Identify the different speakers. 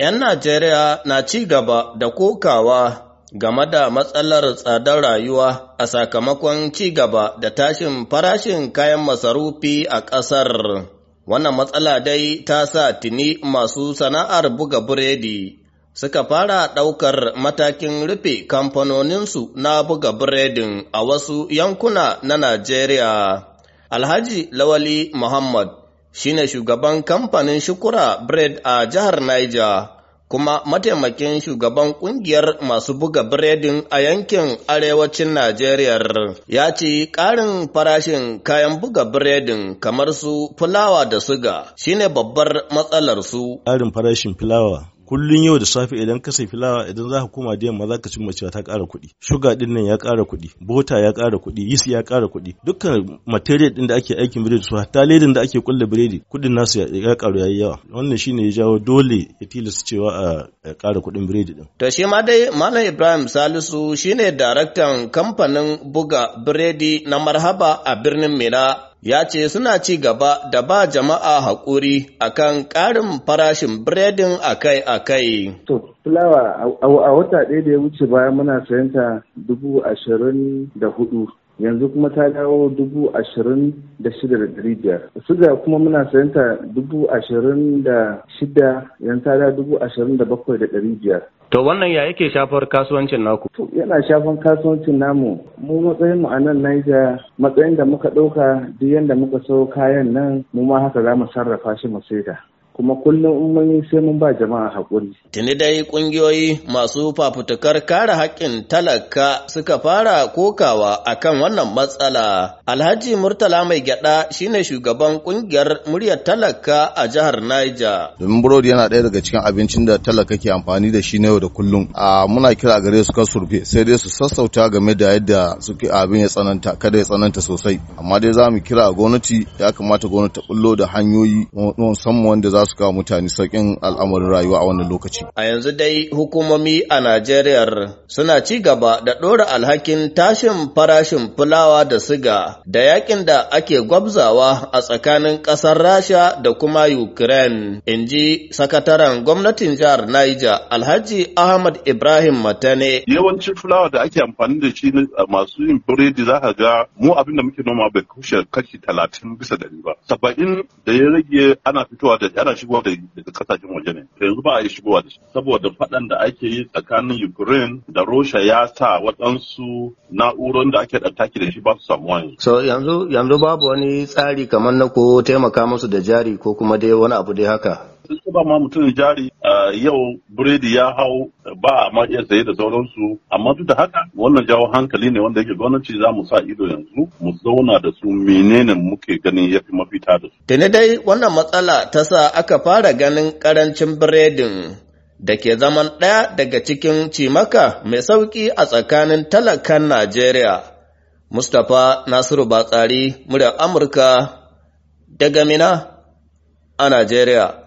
Speaker 1: ‘Yan Najeriya na ci gaba da kokawa game da matsalar tsadar rayuwa a sakamakon ci gaba da tashin farashin kayan masarufi a ƙasar. Wannan matsala dai ta sa tuni masu sana'ar buga buredi suka fara ɗaukar matakin rufe kamfanoninsu na buga biredin a wasu yankuna na Najeriya. Alhaji Lawali Muhammad shine shugaban kamfanin Shukura Bread a jihar Niger, kuma mataimakin shugaban kungiyar masu buga biredin a yankin arewacin Najeriya ya ce ƙarin farashin kayan buga biredin kamar su fulawa da suga shine babbar matsalar su.
Speaker 2: Ƙarin farashin fulawa kullun yau da safe idan ka sai filawa idan za ka koma da yamma za ka cimma cewa ta ƙara kuɗi shuga din nan ya ƙara kuɗi bota ya ƙara kuɗi yis ya ƙara kuɗi dukkan material din da ake aikin biredi su hatta ledin da ake kulle biredi kuɗin nasu ya ƙaru yayi yawa wannan shine ya jawo dole ya tilasta cewa a ƙara kuɗin biredi din
Speaker 1: to shi ma dai malam Ibrahim Salisu shine daraktan kamfanin buga biredi na Marhaba a birnin Mina ya ce suna ci gaba da ba jama'a haƙuri akan ƙarin farashin biredin akai-akai.
Speaker 3: To, fulawa a wata ɗaya da ya wuce baya muna sayanta dubu ashirin da hudu yanzu kuma ta dawo dubu ashirin da shida da dari biyar suga kuma muna sayan ta dubu ashirin da shida yanzu ta dawo dubu ashirin da bakwai da dari biyar
Speaker 1: To wannan ya yake shafar kasuwancin naku? To
Speaker 3: yana shafar kasuwancin namu. Mu matsayin mu a nan Niger matsayin da muka ɗauka duk yanda muka sau kayan nan mu ma haka za mu sarrafa shi mu saida. kuma kullum in mun sai mun ba jama'a haƙuri.
Speaker 1: Tuni dai ƙungiyoyi masu fafutukar kare haƙƙin talaka suka fara kokawa a kan wannan matsala. Alhaji Murtala Mai Gyaɗa ne shugaban ƙungiyar muryar talaka a jihar Niger. Domin burodi yana ɗaya daga cikin abincin da talaka ke amfani da shi na yau da kullum. A muna kira gare su kan surfe sai dai su sassauta game da yadda suke abin ya tsananta kada ya tsananta sosai. Amma dai za mu kira gwamnati ya kamata gwamnati ta bullo da hanyoyi musamman wanda za za su kawo mutane sauƙin al'amarin rayuwa a wannan lokaci. A yanzu dai hukumomi a Najeriya suna ci gaba da ɗora alhakin tashin farashin fulawa da siga da yakin da ake gwabzawa a tsakanin ƙasar Rasha da kuma Ukraine, in ji sakataren gwamnatin jihar Niger Alhaji Ahmad Ibrahim Matane.
Speaker 4: Yawancin fulawa da ake amfani da shi masu yin biredi za ka ga mu abin da muke noma bai kushe kashi talatin bisa ɗari ba. Saba'in da ya rage ana fitowa da ana ana shigowa daga kasashen waje ne yanzu ba a yi shigowa da shi saboda faɗan da ake yi tsakanin ukraine da russia ya sa waɗansu na'urorin da ake ɗattaki da shi ba su samu wani.
Speaker 1: so yanzu yanzu babu wani tsari kamar na ko taimaka musu da jari ko kuma dai wani abu dai haka
Speaker 4: ba ma mutum jari yau biredi ya hau ba a ma iya saye da sauransu amma duk da haka wannan jawo hankali ne wanda yake gwamnati za mu sa ido yanzu mu zauna da su menene muke ganin ya fi mafita da su.
Speaker 1: Tuni dai wannan matsala ta sa aka fara ganin karancin biredin da ke zaman ɗaya daga cikin cimaka mai sauƙi a tsakanin talakan Najeriya. Mustapha Nasiru Batsari, muryar Amurka, daga Mina a Najeriya.